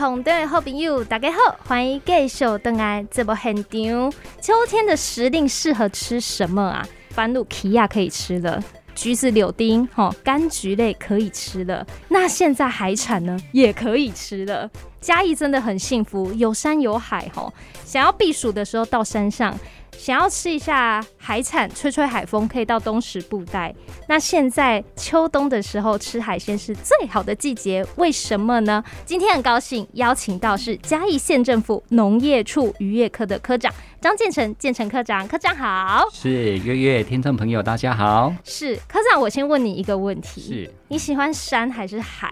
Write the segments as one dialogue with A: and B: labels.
A: 同台好朋友，大家好，歡迎繼續登來這部現場。秋天的時令適合吃什麼啊？番路柿仔可以吃了，橘子、柳丁、吼、哦、柑橘類可以吃了。那現在海產呢，也可以吃了。嘉義真的很幸福，有山有海吼、哦。想要避暑的時候，到山上。想要吃一下海產，吹吹海風，可以到東石布袋。那現在秋冬的時候吃海鮮是最好的季節，為什麼呢？今天很高興邀請到是嘉義縣政府農業處漁業科的科長張建成。建成科長，科長好。
B: 是月月聽眾朋友，大家好。
A: 是科長，我先問你一個問題：是你喜歡山還是海？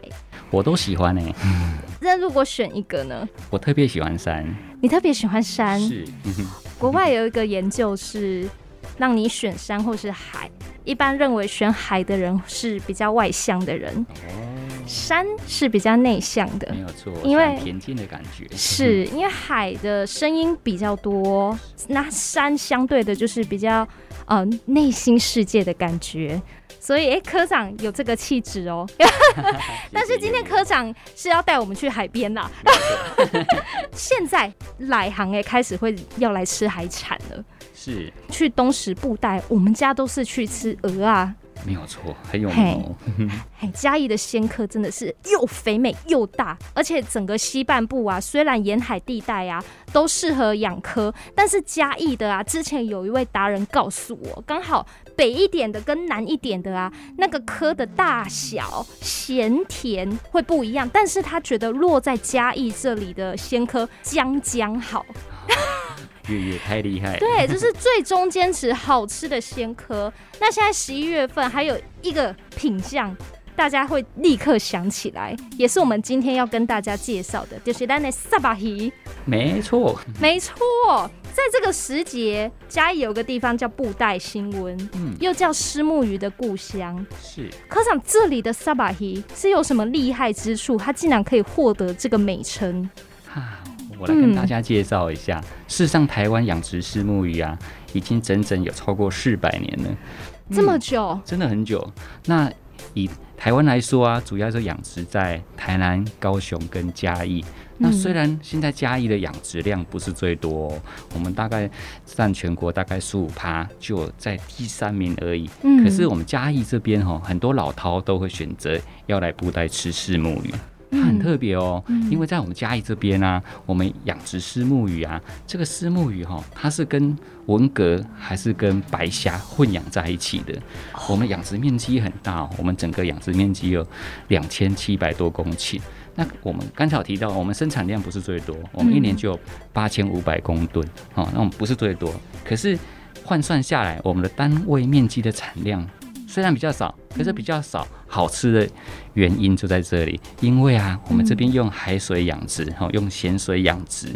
B: 我都喜歡嗯、欸，
A: 那 如果選一個呢？
B: 我特別喜歡山。
A: 你特別喜歡山？是。 國外有一個研究是，讓你選山或是海，一般認為選海的人是比較外向的人。山是比較內向的，沒
B: 有錯，因為平靜的感覺。
A: 是因為海的聲音比較多，那山相對的就是比較呃內心世界的感覺。所以哎，科長有這個氣質哦。但是今天科長是要帶我們去海邊吶。現在來航也開始會要來吃海產了。是去東石布袋，我們家都是去吃蚵啊。
B: 沒有錯，很有
A: 名。嘉義的鮮蚵真的是又肥美又大，而且整個西半部啊，雖然沿海地帶啊都適合養蚵，但是嘉義的啊，之前有一位達人告訴我，剛好北一點的跟南一點的啊，那個蚵的大小、鹹甜會不一樣。但是他覺得落在嘉義這裡的鮮蚵將將好。好
B: 也也太厲害！對，就是
A: 最終堅持好吃的仙科。 那現在十一月份還有一個品項，大家會立刻想起來，也是我們今天要跟大家介紹的。就是那尼薩巴希，
B: 沒錯錯，
A: 沒錯。在這個時節，嘉義有個地方叫布袋新塭，嗯，又叫虱目魚的故鄉。是科長，這裡的薩巴希是有什麼厲害之處？他竟然可以獲得這個美稱？
B: 我來跟大家介紹一下，嗯、事實上，台灣養殖虱目魚啊，已經整整有超過四百年了，這麼久、嗯，真的很久。那以台灣來說啊，主要是養殖在台南、高雄跟嘉義。嗯、那雖然現在嘉義的養殖量不是最多、哦，我們大概占全國大概十五趴，就在第三名而已。嗯、可是我們嘉義這邊哦，很多老饕都會選擇要來布袋吃虱目魚。它很特別哦，嗯、因為在我們嘉義這邊呢、啊，我們養殖虱目魚啊，這個虱目魚哈、哦，它是跟文蛤還是跟白蝦混養在一起的。我們養殖面積很大、哦，我們整個養殖面積有兩千七百多公頃。那我們剛才有提到，我們生產量不是最多，我們一年就有八千五百公噸，嗯、哦，那我們不是最多，可是換算下來，我們的單位面積的產量。雖然比較少，可是比較少好吃的原因就在這裡。嗯、因為啊，我們這邊用海水養殖，嗯、用鹹水養殖，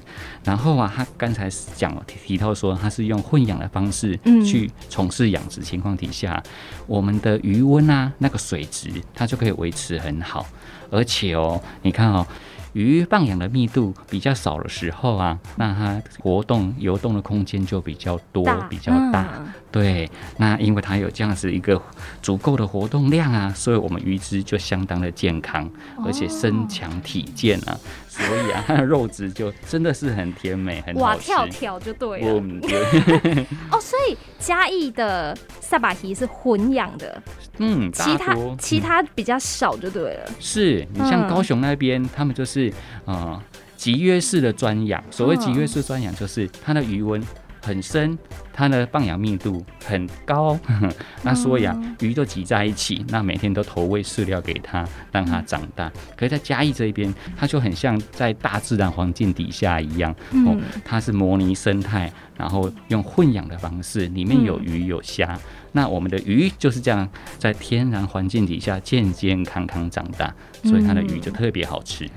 B: 然後啊，他剛才講提到說，他是用混養的方式去從事養殖情況底下，嗯、我們的魚塭啊，那個水質它就可以維持很好。而且哦，你看哦，魚放養的密度比較少的時候啊，那它活動游動的空間就比較多，大比較大。嗯對，那因為它有這樣子一個足夠的活動量啊，所以我們魚隻就相當的健康，而且身強體健啊，哦、所以啊，它的肉質就真的是很甜美，哇，很活跳跳
A: 就對了。我對 哦，所以嘉義的虱目魚是混養的，
B: 嗯，其他其
A: 他比較少就對了。嗯、
B: 是你像高雄那邊，他們就是啊、呃、集約式的專養，所謂集約式專養，就是它的魚塭。很深，它的放養密度很高， 那所以啊，魚都擠在一起，那每天都投餵飼料給它，讓它長大。可是在嘉義這一邊，它就很像在大自然環境底下一樣，哦、它是模擬生態，然後用混養的方式，裡面有魚有蝦，嗯、那我們的魚就是這樣在天然環境底下健健康康長大，所以它的魚就特別好吃。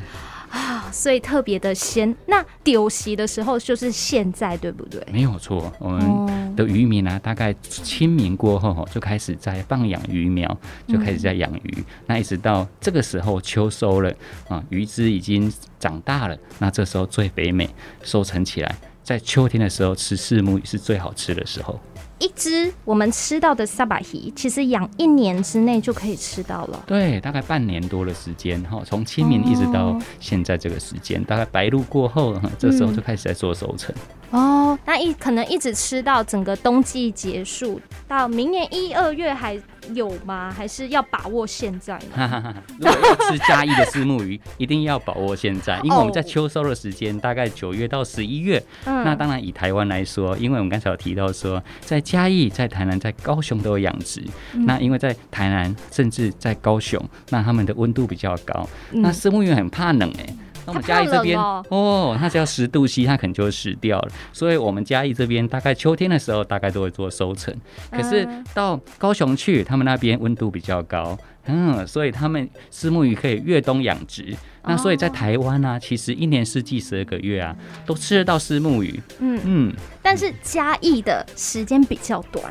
A: 所以特別的鮮。那丟席的時候就是現在，對不對？
B: 沒有錯，我們的漁民呢、啊，大概清明過後就開始在放養魚苗，就開始在養魚。嗯、那一直到這個時候秋收了啊，魚隻已經長大了，那這時候最肥美，收成起來，在秋天的時候吃虱目魚是最好吃的時候。
A: 一隻我們吃到的虱目魚，其實養一年之內就可以吃到了。
B: 對，大概半年多的時間哈，從清明一直到現在這個時間，哦，大概白露過後，這個時候就開始在做收成。嗯
A: 哦，那一可能一直吃到整個冬季結束，到明年一二月還有嗎？還是要把握現在？
B: 如果要吃嘉義的虱目魚， 一定要把握現在，因為我們在秋收的時間，大概九月到十一月。哦、那當然以台灣來說，因為我們剛才有提到說，在嘉義、在台南、在高雄都有養殖。嗯、那因為在台南甚至在高雄，那他們的溫度比較高，那虱目魚很怕冷哎、欸。嗯嗯那我們嘉義這邊哦，哦，它，只要十度 C，它可能就會死掉了。所以我們嘉義這邊大概秋天的時候，大概都會做收成。可是到高雄去，他們那邊溫度比較高，嗯，所以他們虱目魚可以越冬養殖。那所以在台灣呢、啊，其實一年四季十二個月啊，都吃得到虱目魚。嗯嗯，嗯
A: 但是嘉義的時間比較短。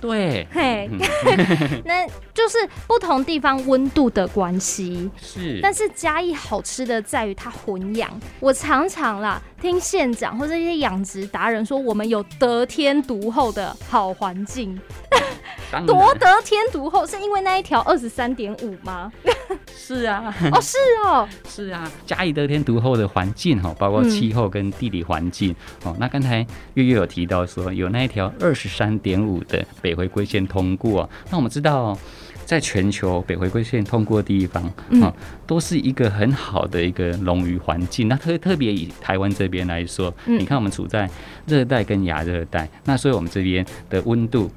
B: 對，嘿，那
A: 就是不同地方溫度的關係。是，但是嘉義好吃的在於它混養。我常常啦聽縣長或者一些養殖達人說，我們有得天獨厚的好環境。
B: 當然。多得
A: 天獨厚，是因為那一條二十三點五嗎？是啊，哦，是哦，
B: 是啊，嘉義得天獨厚的環境哈，包括氣候跟地理環境哦。嗯、那剛才月月有提到說有那一條二十三點五的北回歸線通過，那我們知道在全球北回歸線通過的地方啊，都是一個很好的一個農漁環境。那特特別以台灣這邊來說，你看我們處在熱帶跟亞熱帶，那所以我們這邊的溫度。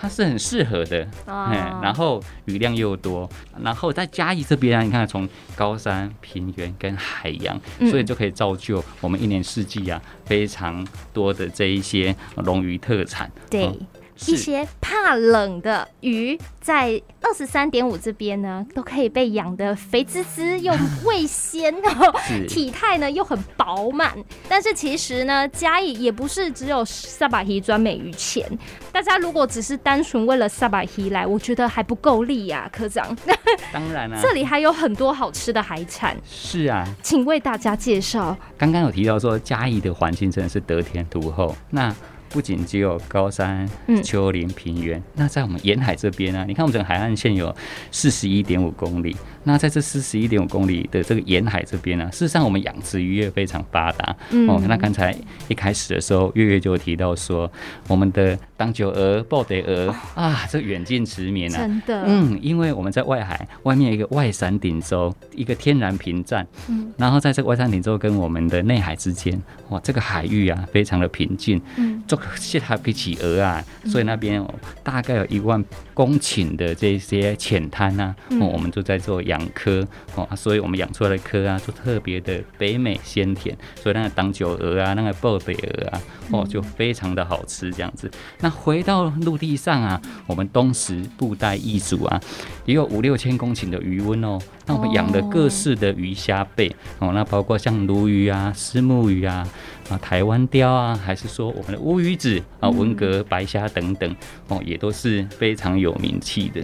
B: 它是很適合的，哦，嗯、然後雨量又多，然後在嘉義這邊，啊，你看從高山、平原跟海洋，所以就可以造就我們一年四季啊、嗯、非常多的這一些龍魚特產。對。嗯
A: 是一些怕冷的魚在二十三點五這邊呢，都可以被養的肥滋滋又胃鮮，又味鮮，後是體態呢又很飽滿。但是其實呢，嘉義也不是只有虱目魚專美於前。大家如果只是單純為了虱目魚來，我覺得還不夠力啊，科長。
B: 當然了、啊，這裡
A: 還有很多好吃的海產。是啊，請為大家介紹。
B: 剛剛有提到說，嘉義的環境真的是得天獨厚。那不僅只有高山、丘陵、平原，嗯、那在我們沿海這邊啊，你看我們整個海岸線有四十一點五公里。那在這四十一點五公里的這個沿海這邊啊，事實上我們養殖漁業非常發達。嗯、哦，那剛才一開始的時候，月月就提到說，我們的東石蚵、布袋蚵啊，這遠近馳名啊，真的。嗯，因為我們在外海外面一個外傘頂洲一個天然屏障，嗯，然後在這個外傘頂洲跟我們的內海之間，哇，這個海域啊，非常的平靜，嗯。是它比企鵝啊，所以那邊大概有一萬公頃的這些淺灘吶，我們就在做養蚵哦，所以我們養出來的蚵啊，就特別的肥美鮮甜，所以那個擋酒鵝啊，那個薄比鵝啊，哦，就非常的好吃這樣子。嗯、那回到陸地上啊，我們東石布袋一組啊，也有五六千公頃的魚塭哦。那我們養的各式的魚蝦貝、oh. 哦，那包括像鱸魚啊、虱目魚啊、啊台灣鯛啊，還是說我們的烏魚子啊、文蛤白蝦等等、嗯、哦，也都是非常有名氣的。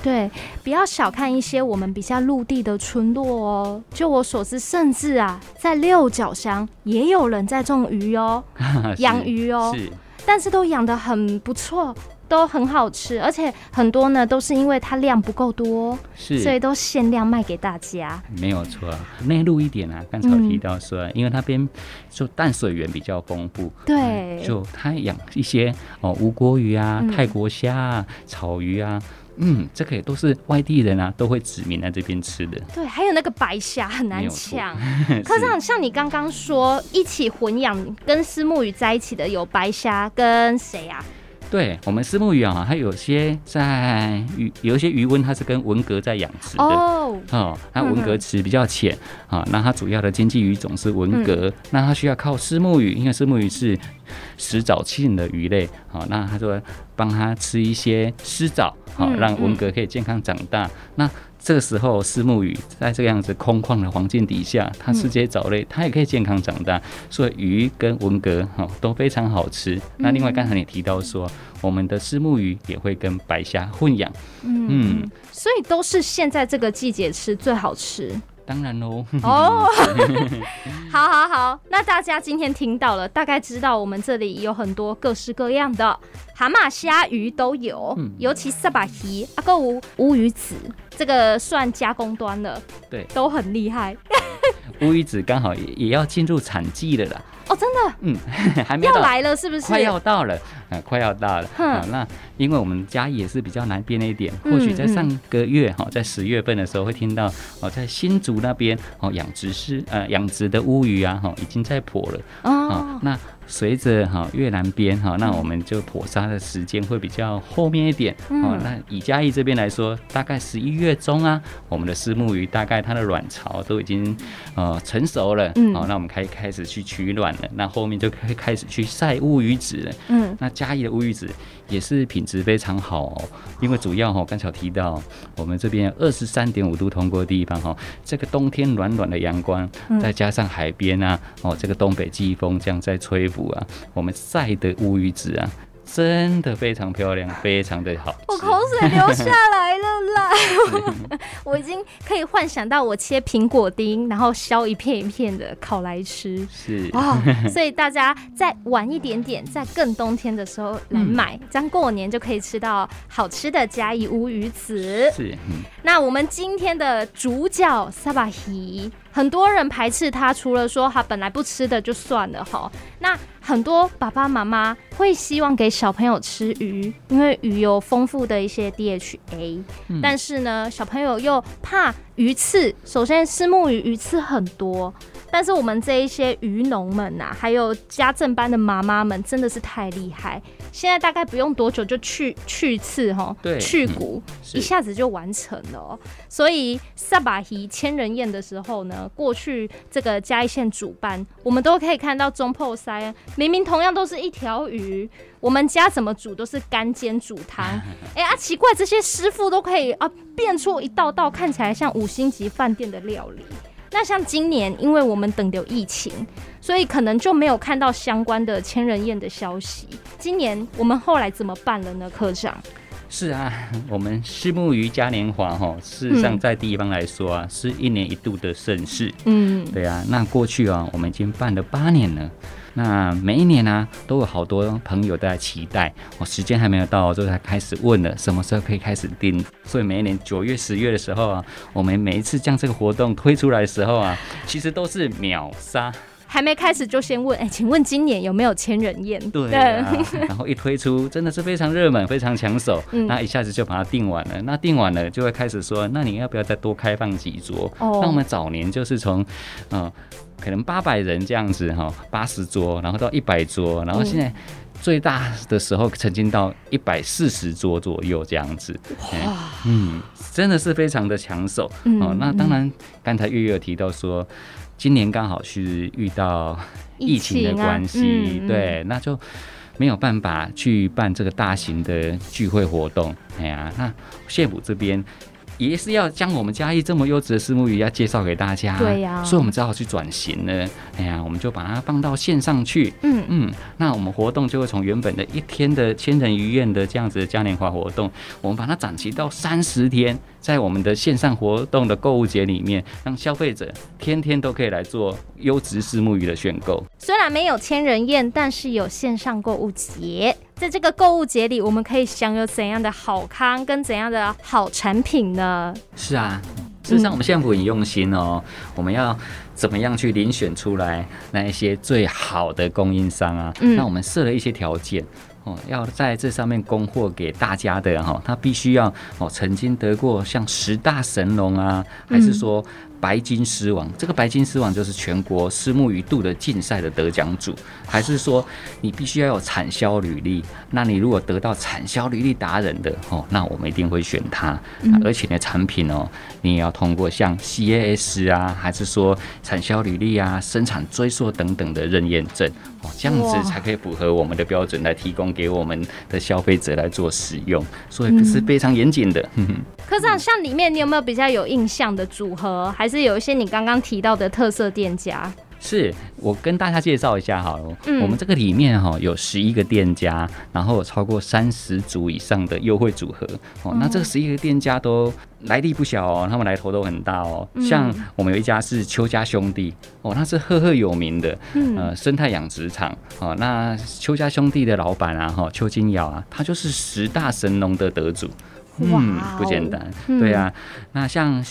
A: 對，不要小看一些我們比較陸地的村落哦。就我所知，甚至啊，在六角鄉也有人在種魚哦，養 是魚哦，是但是都養得很不錯。都很好吃，而且很多呢，都是因為它量不夠多，是所以都限量賣給大家。
B: 沒有錯、啊，內陸一點啊，剛才提到說、啊，嗯、因為那邊就淡水源比較豐富，
A: 對、嗯，就
B: 它養一些哦，吳郭魚啊，嗯、泰國蝦、啊、草魚啊，嗯，這個也都是外地人啊，都會指名來這邊吃的。
A: 對，還有那個白蝦很難搶。科長，可是像你剛剛說是一起混養跟虱目魚在一起的有白蝦跟誰啊？
B: 對，我們虱目魚啊，它有些在魚，有些魚塭，它是跟文蛤在養殖的。oh. 哦。它文蛤池比較淺啊。oh. 哦，那它主要的經濟魚種是文蛤，嗯、那它需要靠虱目魚，因為虱目魚是食藻性的魚類啊、哦，那它說幫它吃一些濕藻，好、哦、讓文蛤可以健康長大。那、嗯嗯嗯這個時候，虱目魚在這個樣子空曠的環境底下，它吃這些藻類，它也可以健康長大，所以魚跟文蛤哈都非常好吃。那另外，剛才你提到說，我們的虱目魚也會跟白蝦混養，
A: 嗯，嗯，所以都是現在這個季節吃最好吃。
B: 當然嘍。哦，好
A: 好好，那大家今天聽到了，大概知道我們這裡有很多各式各樣的蛤蟆、蝦、魚都有，嗯，尤其是虱目魚，阿個烏魚子，這個算加工端了，對，都很厲害。
B: 烏 魚子剛好也也要進入產季了啦。
A: 哦，oh, 真的？嗯，
B: 還沒有到要來了，是不是？快要到了。啊、快要到了、嗯、啊！那因為我們嘉義也是比較南邊一點，嗯、或許在上個月哈，嗯、在十月份的時候會聽到哦，在新竹那邊哦，養、啊、殖師呃，養、啊、殖的烏魚啊，哈、啊，已經在剖了哦，啊、那隨着哈越南邊哈、啊，那我們就剖殺的時間會比較後面一點哦、嗯啊。那以嘉義這邊來說，大概十一月中啊，我們的虱目魚大概它的卵巢都已經呃、啊、成熟了哦、嗯啊。那我們可以開始去取卵了，那後面就可以開始去曬烏魚籽了。嗯，那。嘉義的烏魚子也是品質非常好哦，因為主要哈，剛才提到我們這邊二十三點五度通過的地方哈，這個冬天暖暖的陽光，再加上海邊啊，哦，這個東北季風這樣在吹拂啊，我們曬的烏魚子啊。真的非常漂亮，非常的好吃，我口水流下
A: 來了啦！ 是 我已經可以幻想到我切蘋果丁，然後削一片一片的烤來吃，是、oh, 所以大家再晚一點點，在更冬天的時候來買，嗯、這樣過年就可以吃到好吃的嘉義烏魚子。是， 那我們今天的主角薩巴很多人排斥他，除了說他本來不吃的就算了哈。那很多爸爸媽媽會希望給小朋友吃魚，因為魚有豐富的一些 DHA，嗯。但是呢，小朋友又怕魚刺。首先，虱目魚魚刺很多。但是我們這一些漁農們吶、啊，還有家政班的媽媽們，真的是太厲害！現在大概不用多久就去去刺哈，對去骨，嗯，一下子就完成了、喔。所以虱目魚千人宴的時候呢，過去這個嘉義縣主辦，我們都可以看到中破塞，明明同樣都是一條魚，我們家怎麼煮都是乾煎煮湯，哎、 欸、啊奇怪，這些師傅都可以啊變出一道道看起來像五星級飯店的料理。那像今年，因為我們等著疫情，所以可能就沒有看到相關的千人宴的消息。今年我們後來怎麼辦了呢，科長？是啊，
B: 我們虱目魚嘉年華哈，事實上在地方來說啊，嗯、是一年一度的盛事。
A: 嗯，
B: 對啊，那過去啊，我們已經辦了八年了。那每一年呢、啊，都有好多朋友在期待。我時間還沒有到，就才開始問了，什麼時候可以開始訂？所以每一年九月、十月的時候啊，我們每一次將這個活動推出來的時候啊，其實都是秒殺。
A: 還沒開始就先問，哎、欸，請問今年有沒有千人宴？對、啊，然後
B: 一推出真的是非常熱門，非常搶手， 那一下子就把它訂完了。嗯、那訂完了就會開始說，那你要不要再多開放幾桌？哦、那我們早年就是從嗯、呃，可能八百人這樣子哈，八、哦、十桌，然後到一百桌，然後現在最大的時候曾經到一百四十桌左右這樣子。嗯嗯、哇，嗯，真的是非常的搶手、嗯、哦。那當然，剛才月月提到說。今年剛好是遇到疫情的關係，嗯、對，那就沒有辦法去辦這個大型的聚會活動。哎呀、啊，那謝浦這邊。也是要將我們嘉義這麼優質的虱目魚要介紹給大家，對呀、啊，所以我們只好去轉型呢。哎呀，我們就把它放到線上去，嗯嗯。那我們活動就會從原本的一天的千人魚宴的這樣子的嘉年華活動，我們把它展期到三十天，在我們的線上活動的購物節裡面，讓消費者天天都可以來做優質虱目魚的選購。
A: 雖然沒有千人宴，但是有線上購物節。在這個購物節裡，我們可以享有怎樣的好康跟怎樣的好產品呢？
B: 是啊，事實上我們縣府很用心哦，嗯、我們要怎麼樣去遴選出來那一些最好的供應商啊？嗯、那我們設了一些條件哦，要在這上面供貨給大家的哈，他、哦、必須要哦曾經得過像十大神農啊，還是說？白金虱王，這個白金虱王就是全國虱目魚肚的競賽的得獎組，還是說你必須要有產銷履歷？那你如果得到產銷履歷達人的哦、喔，那我們一定會選它、嗯啊。而且呢，產品哦、喔，你也要通過像 C A S 啊，還是說產銷履歷啊、生產追溯等等的認驗證哦、喔，這樣子才可以符合我們的標準來提供給我們的消費者來做使用。所以是非常嚴謹的。
A: 科長、嗯嗯，像裡面你有沒有比較有印象的組合？還是有一些你剛剛提到的特色店家，
B: 是我跟大家介紹一下好了。嗯，我們這個裡面哈有十一個店家，然後有超過三十組以上的優惠組合。哦，那這十一個店家都來歷不小哦，他們來頭都很大哦。嗯、像我們有一家是邱家兄弟，哦，那是赫赫有名的，呃，生態養殖場。哦、嗯，那邱家兄弟的老闆啊，哈，邱金瑤啊，他就是十大神農的得主。
A: 嗯，不簡單，對啊，
B: 那像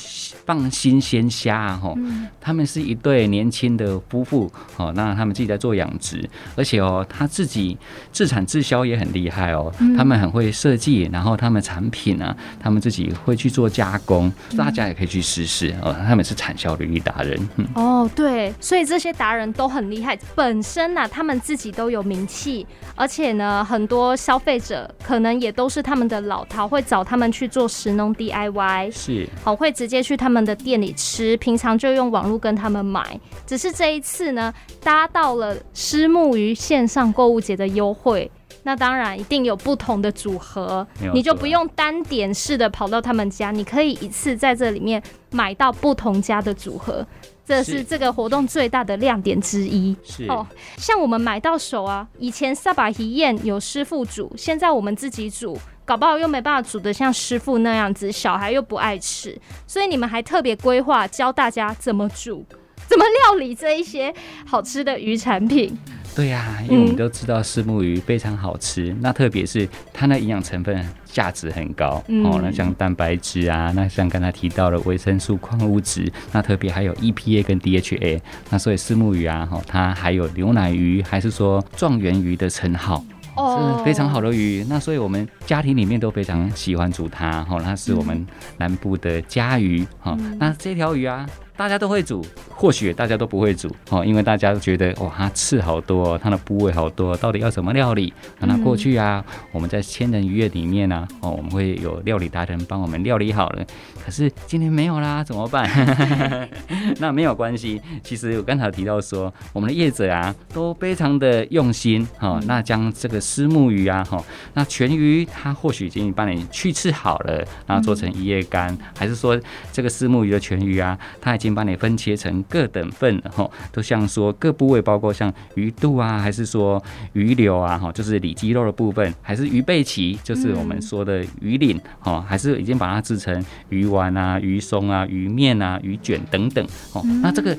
B: 放新鮮蝦哦，他們是一對年輕的夫婦哦，那他們自己在做養殖，而且哦，他自己自產自銷也很厲害哦，他們很會設計，然後他們產品呢、啊，他們自己會去做加工，大家也可以去試試哦，他們是產銷履歷達人。
A: 哦，對，所以這些達人都很厲害，本身呢、啊，他們自己都有名氣，而且呢，很多消費者可能也都是他們的老饕，會找他。他們去做食農 DIY，是，好，會直接去他們的店裡吃，平常就用網絡跟他們買，只是這一次呢，搭到了虱目魚線上購物節的優惠，那當然一定有不同的組合，你，你就不用單點式的跑到他們家，你可以一次在這裡面買到不同家的組合，這是這個活動最大的亮點之一。是，哦，像我們買到手啊，以前薩巴魚宴有師傅煮，現在我們自己煮。搞不好又沒辦法煮得像師傅那樣子，小孩又不愛吃，所以你們還特別規劃教大家怎麼煮，怎麼料理這一些好吃的魚產品。
B: 對呀、啊，因為我們都知道虱目魚非常好吃，嗯、那特別是它的營養成分價值很高，嗯、哦，那像蛋白質啊，那像剛才提到的維生素、礦物質，那特別還有 EPA 跟 DHA，那所以虱目魚啊、哦，它還有牛奶魚還是說狀元魚的稱號。
A: 是非常好
B: 的魚，那所以我們家庭裡面都非常喜歡煮它，哈，那是我們南部的家魚，哈、嗯哦，那這條魚啊。大家都會煮，或許大家都不會煮哦，因為大家都覺得哇，它刺好多，它的部位好多，到底要什麼料理？那過去啊，嗯、我們在千人魚宴裡面呢，哦，我們會有料理達人幫我們料理好了。可是今天沒有啦，怎麼辦？ 那沒有關係，其實我剛才提到說，我們的業者啊，都非常的用心哦，嗯、那將這個虱目魚啊，哈，那全魚它或許已經幫你去刺好了，然後做成一夜乾，嗯、還是說這個虱目魚的全魚啊，它已經把你分切成各等份了哈，都像說各部位，包括像魚肚啊，還是說魚柳啊哈，就是里肌肉的部分，還是魚背鰭，就是我們說的魚鱗、嗯、還是已經把它製成魚丸啊、魚鬆啊、魚麵啊、魚卷等等哦，嗯、那這個。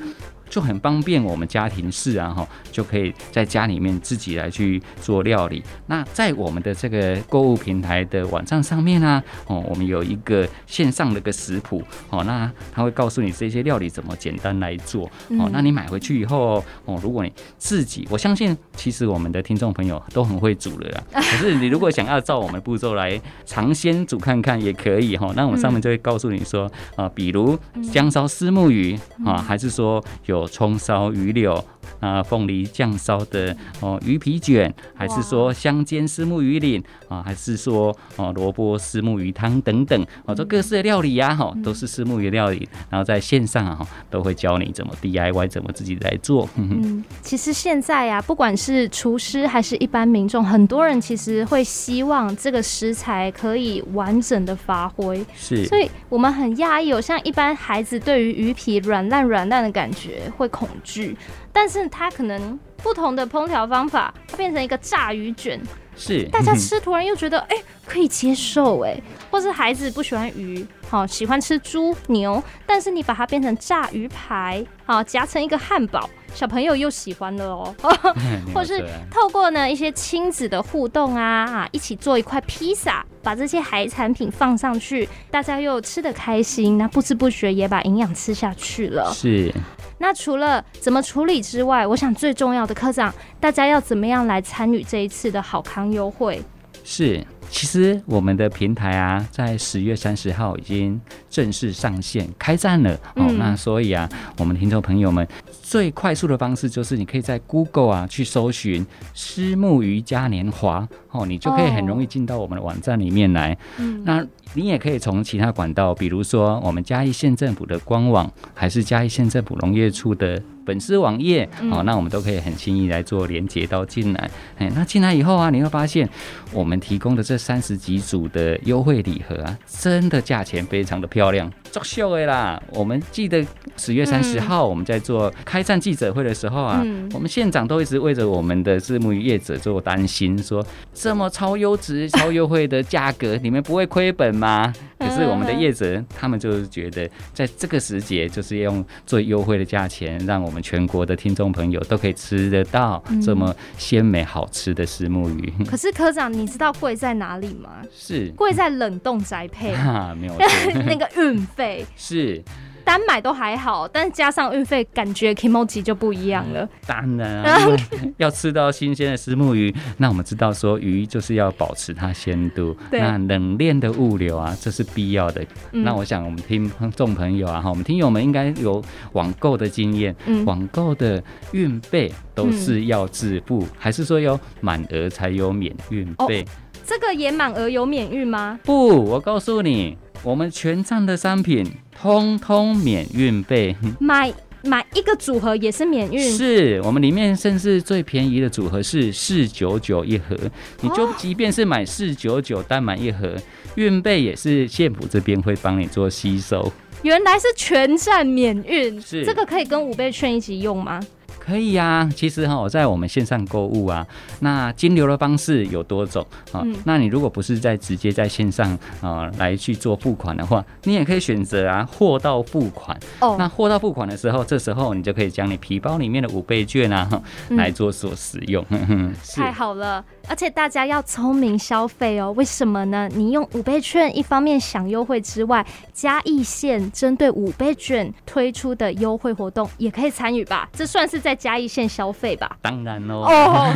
B: 就很方便，我們家庭式啊哈，就可以在家裡面自己來去做料理。那在我們的這個購物平台的網站上面啊，哦，我們有一個線上的一個食譜，哦，那他會告訴你這些料理怎麼簡單來做，哦，那你買回去以後哦，如果你自己，我相信其實我們的聽眾朋友都很會煮了啦。 可是你如果想要照我們步驟來嘗鮮煮看看也可以哈、哦。那我們上面就會告訴你說啊，比如薑燒虱目魚啊，還是說有。有蔥燒魚柳啊，鳳梨醬燒的哦魚皮卷，還是說香煎虱目魚鱗啊，還是說哦蘿蔔虱目魚湯等等，啊、各式的料理呀，哈，都是虱目魚料理。然後在線上啊，都會教你怎麼 DIY，怎麼自己來做。呵
A: 呵嗯，其實現在呀、啊，不管是廚師還是一般民眾，很多人其實會希望這個食材可以完整的發揮。是，所以我們很訝異、哦，像一般孩子對於魚皮軟爛軟爛的感覺。會恐懼，但是它可能不同的烹調方法，它變成一個炸魚卷，
B: 是大家吃，
A: 突然又覺得哎、 欸、可以接受哎、欸，或是孩子不喜歡魚，好、哦、喜歡吃豬牛，但是你把它變成炸魚排，好、哦、夾成一個漢堡，小朋友又喜歡了哦， 或者是透過呢一些親子的互動啊，一起做一塊披薩。把這些海產品放上去，大家又吃得開心，那不知不覺也把營養吃下去了。
B: 是。
A: 那除了怎麼處理之外，我想最重要的科長，大家要怎麼樣來參與這一次的好康優惠？
B: 是。其實我們的平台啊，在十月三十號已經正式上線開站了，嗯、哦。那所以啊，我們聽眾朋友們最快速的方式就是，你可以在 Google 啊去搜尋“虱目魚嘉年華”哦，你就可以很容易進到我們的網站裡面來。哦、那你也可以從其他管道，比如說我們嘉義縣政府的官網，還是嘉義縣政府農業處的。粉絲網頁、嗯、哦，那我們都可以很輕易來做連接到進來，哎，那進來以後啊，你會發現我們提供的這三十幾組的優惠禮盒啊，真的價錢非常的漂亮，作秀哎啦！我們記得十月三十號我們在做開戰記者會的時候啊，嗯、我們縣長都一直為着我們的虱目魚業者做擔心說，說這麼超優質、超優惠的價格，啊、你們不會虧本嗎？可是我們的業者、嗯、他們就是覺得在這個時節，就是用最優惠的價錢讓我們。全國的聽眾朋友都可以吃得到這麼鮮美好吃的虱目魚，嗯。可是
A: 科長，你知道貴在哪裡嗎？是貴在冷凍宅配，嗯啊、
B: 沒有 那個
A: 運費是。單買都還好，但是加上運費，感覺 Kimochi 就不一樣了。
B: 嗯、當然、啊，要吃到新鮮的虱目魚， 那我們知道說魚就是要保持它鮮度，對那冷鏈的物流啊，這是必要的。嗯、那我想我們聽眾朋友啊，哈，我們聽友們應該有網購的經驗，嗯、網購的運費都是要自付，嗯、還是說要滿額才有免運費、
A: 哦？這個也滿額有免運嗎？
B: 不，我告訴你。我們全站的商品通通免運費，
A: 買買一個組合也是免運。是
B: 我們裡面甚至最便宜的組合是四九九一盒，你就即便是買四九九單買一盒，運費也是縣府這邊會幫你做吸收。
A: 原來是全站免運，是這個可以跟五倍券一起用嗎？
B: 可以呀、啊，其實哈，我在我們線上購物啊，那金流的方式有多種啊。嗯、那你如果不是在直接在線上啊來去做付款的話，你也可以選擇啊貨到付款。哦，那貨到付款的時候，這時候你就可以將你皮包裡面的五倍券啊，啊來做所使用。嗯、呵呵太
A: 好了，而且大家要聰明消費哦。為什麼呢？你用五倍券，一方面享優惠之外，嘉義縣針對五倍券推出的優惠活動也可以參與吧。這算是在。嘉義縣消費吧，
B: 當然嘍。哦，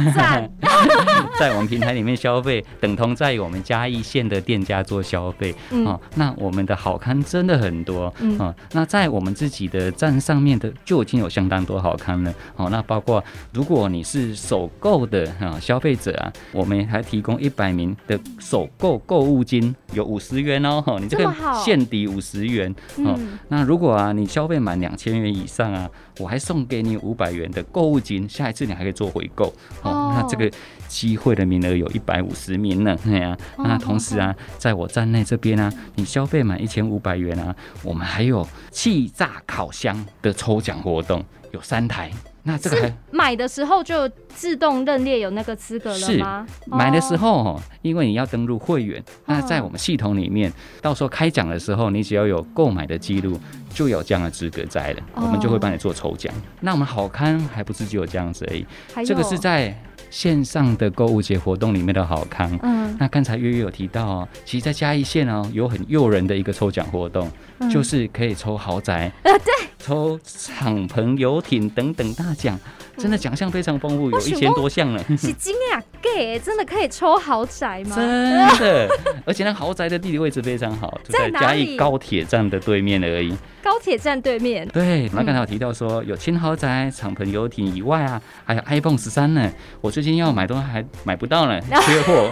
B: 在我們平台裡面消費， 等同在於我們嘉義縣的店家做消費。嗯、喔，那我們的好康真的很多啊、嗯喔。那在我們自己的站上面的，就已經有相當多好康了。哦、喔，那包括如果你是首購的啊、喔，消費者啊，我們還提供一百名的首購購物金有、喔，有五十元哦。你這個現抵五十元。嗯。那如果啊，你消費滿兩千元以上啊。我還送給你五百元的購物金，下一次你還可以做回購。Oh. 哦。那這個機會的名額有一百五十名呢。啊、那同時啊，在我站內這邊呢、啊，你消費滿一千五百元啊，我們還有氣炸烤箱的抽獎活動，有三台。
A: 那這個是買的時候就自動認列有那個資格了嗎？是，買的時
B: 候、哦 oh. 因為你要登錄會員，那在我們系統裡面，oh. 到時候開獎的時候，你只要有購買的記錄，就有這樣的資格在了，我們就會幫你做抽獎。Oh. 那我們好康還不是只有這樣子而已，有這個是在。線上的購物節活動裡面的好康，嗯，那剛才月月有提到哦、喔，其實，在嘉義縣哦、喔，有很誘人的一個抽獎活動，嗯、就是可以抽豪宅，呃、嗯，對，抽敞篷遊艇等等大獎。真的獎項非常豐富，有一千多項呢。是真
A: 的假的真的可以抽豪宅嗎？真的，
B: 而且那豪宅的地理位置非常好，就在嘉義高鐵站的對面而已。
A: 高鐵站對面。
B: 對，那剛才有提到說有輕豪宅、敞篷遊艇以外啊，還有 iPhone 十三呢。我最近要買都還買不到呢，缺貨。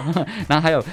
B: 然後還有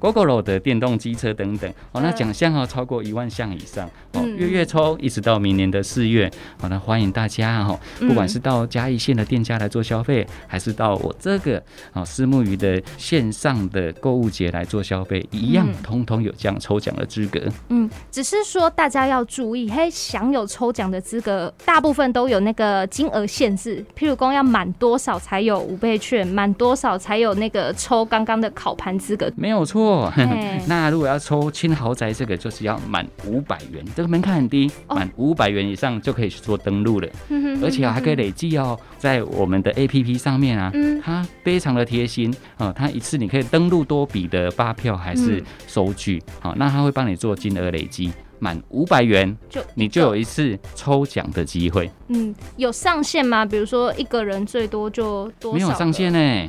B: Gogoro 的電動機車等等。哦，那獎項哦超過一萬項以上哦，月月抽，一直到明年的四月。好，那歡迎大家哦，不管是到嘉義。進了店家來做消費，還是到我這個啊虱目魚的線上的購物節來做消費，一樣通通有這樣抽獎的資格。嗯，
A: 只是說大家要注意，嘿，享有抽獎的資格，大部分都有那個金額限制。譬如說要滿多少才有五倍券，滿多少才有那個抽剛剛的烤盤資格。
B: 沒有錯嘿呵呵。那如果要抽輕豪宅，這個就是要滿五百元，這個門檻很低，滿五百元以上就可以去做登錄了。嗯哼，嗯，哼嗯哼，而且還可以累積哦。在我們的 A P P 上面啊，嗯，它非常的貼心啊，它一次你可以登錄多筆的發票還是收據，好，嗯，啊，那它會幫你做金額累積。滿五百元就你就有一次抽獎的機會。
A: 嗯，有上限嗎？比如說一個人最多就多少？沒有上
B: 限哎、欸，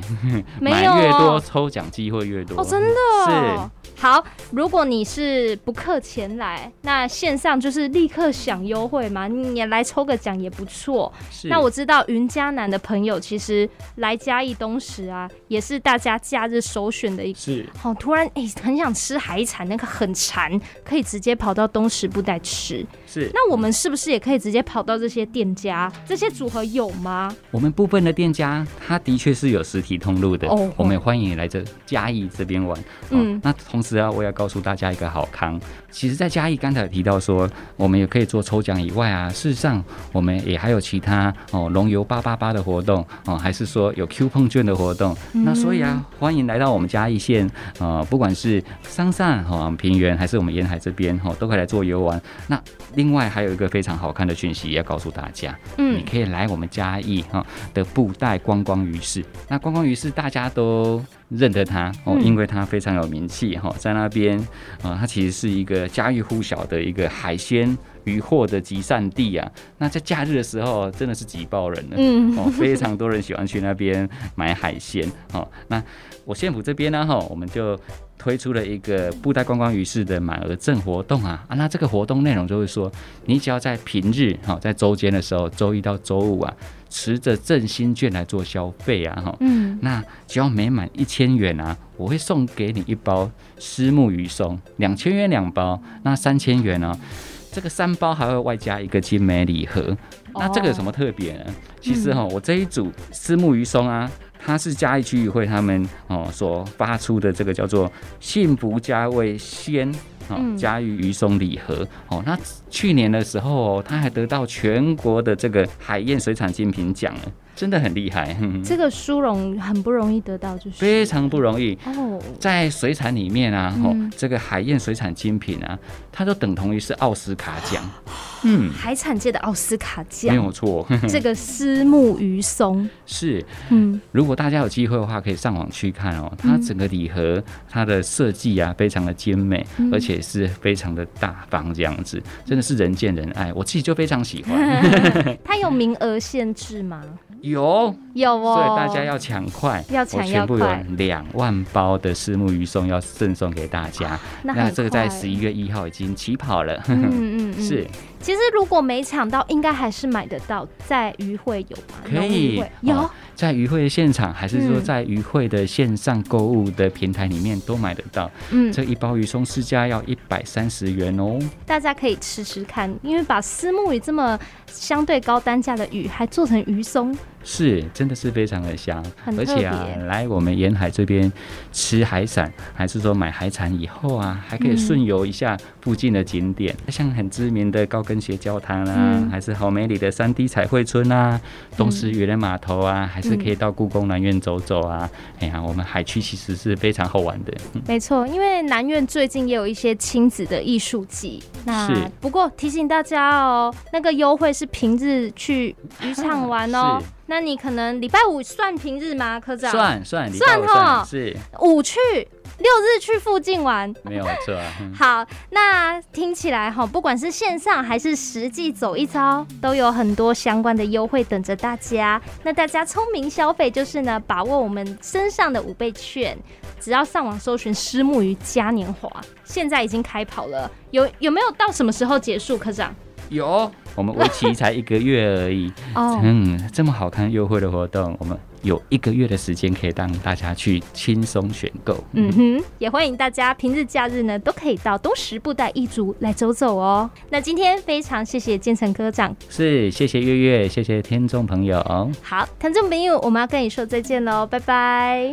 B: 沒有哦，買越多，哦，抽獎機會越多哦，真的，哦。是
A: 好，如果你是不克前來，那線上就是立刻享優惠嘛，你也來抽個獎也不錯。是,那我知道雲嘉南的朋友其實來嘉義東石啊，也是大家假日首選的一個。是，好、哦，突然哎、欸、很想吃海產，那個很饞，可以直接跑到東。同時不帶吃，是。那我們是不是也可以直接跑到這些店家？這些組合有嗎？
B: 我們部分的店家，它的確是有實體通路的。哦，oh, oh. 我們也歡迎來這嘉義這邊玩。嗯、哦，那同時啊，我也要告訴大家一個好康。其實，在嘉義剛才提到說，我們也可以做抽獎以外啊，事實上我們也還有其他哦，龍遊八八八的活動哦，還是說有 Q 碰券的活動。嗯、那所以啊，歡迎來到我們嘉義縣呃，不管是山上哈平原，還是我們沿海這邊哈、哦，都可以來。做遊玩，那另外還有一個非常好看的訊息要告訴大家，嗯，你可以來我們嘉義哈的布袋觀光魚市。那觀光魚市大家都認得它哦，嗯、因為它非常有名氣哈，在那邊啊，它其實是一個家喻戶曉的一個海鮮漁貨的集散地啊。那在假日的時候，真的是擠爆人了，嗯，哦， 非常多人喜歡去那邊買海鮮哦。那我縣府這邊呢，哈，我們就。推出了一個布袋觀光魚市的滿額贈活動啊啊！那這個活動內容就是說，你只要在平日哈，在周間的時候，周一到周五啊，持着振興券來做消費啊哈，嗯，那只要每滿一千元啊，我會送給你一包虱目魚鬆，兩千元兩包，那三千元呢、啊，這個三包還會外加一個精美禮盒。哦、那這個有什麼特別呢？嗯、其實哈，我這一組虱目魚鬆啊。它是嘉義區漁會他們哦，所發出的這個叫做“幸福嘉味鮮”哦嘉義魚鬆禮盒哦，嗯、那去年的時候哦，它還得到全國的這個海燕水產精品獎了。真的很厲害，這個
A: 殊榮很不容易得到，就是非常不容易哦。
B: 在水產裡面啊，這個海燕水產精品啊，它就等同於是奧斯卡獎，嗯，
A: 海產界的奧斯卡獎，沒有
B: 錯。這個
A: 虱目魚鬆是，
B: 嗯，如果大家有機會的話，可以上網去看哦。它整個禮盒，它的設計啊，非常的精美，而且是非常的大方這樣子，真的是人見人愛。我自己就非常喜歡。
A: 它有名額限制嗎？有有哦，所以大家要
B: 搶快，要搶快。我全部有兩萬包的虱目魚鬆要贈送給大家，啊、那,那這個在十一月一號已經起跑了。嗯嗯,嗯是。
A: 其實如果沒搶到，應該還是買得到，在漁會有嗎？可以有，哦、
B: 在漁會的現場，還是說在漁會的線上購物的平台裡面都買得到。嗯，這一包魚鬆市價要一百三十元哦，
A: 大家可以吃吃看，因為把虱目魚這麼相對高單價的魚，還做成魚鬆。
B: 是，真的是非常的香，很而且啊，來我們沿海這邊吃海產，還是說買海產以後啊，還可以順遊一下附近的景點，嗯、像很知名的高跟鞋教堂啦，嗯、還是好美里的三 D 彩繪村啊，東石漁人碼頭啊，還是可以到故宮南院走走啊。嗯、哎呀，我們海區其實是非常好玩的。嗯、
A: 沒錯，因為南院最近也有一些親子的藝術季，那是不過提醒大家哦，那個優惠是平日去漁場玩哦。啊是那你可能禮拜五算平日嗎？科長？算算算哈，算吼是五去六日去附近玩，
B: 沒有錯，啊、
A: 好，那聽起來哈，不管是線上還是實際走一遭，都有很多相關的優惠等着大家。那大家聰明消費就是呢，把握我們身上的五倍券，只要上網搜尋“虱目魚嘉年華”，現在已經開跑了。有有沒有到什麼時候結束，科長？有。
B: 我們為期才一個月而已，嗯，oh. 這麼好看優惠的活動，我們有一個月的時間可以讓大家去輕鬆選購。
A: 嗯哼，也歡迎大家平日假日呢都可以到東石布袋一族來走走哦。那今天非常謝謝建成科長，
B: 是謝謝月月，謝謝聽眾朋友。
A: 好，聽眾朋友，我們要跟你說再見嘍，拜拜。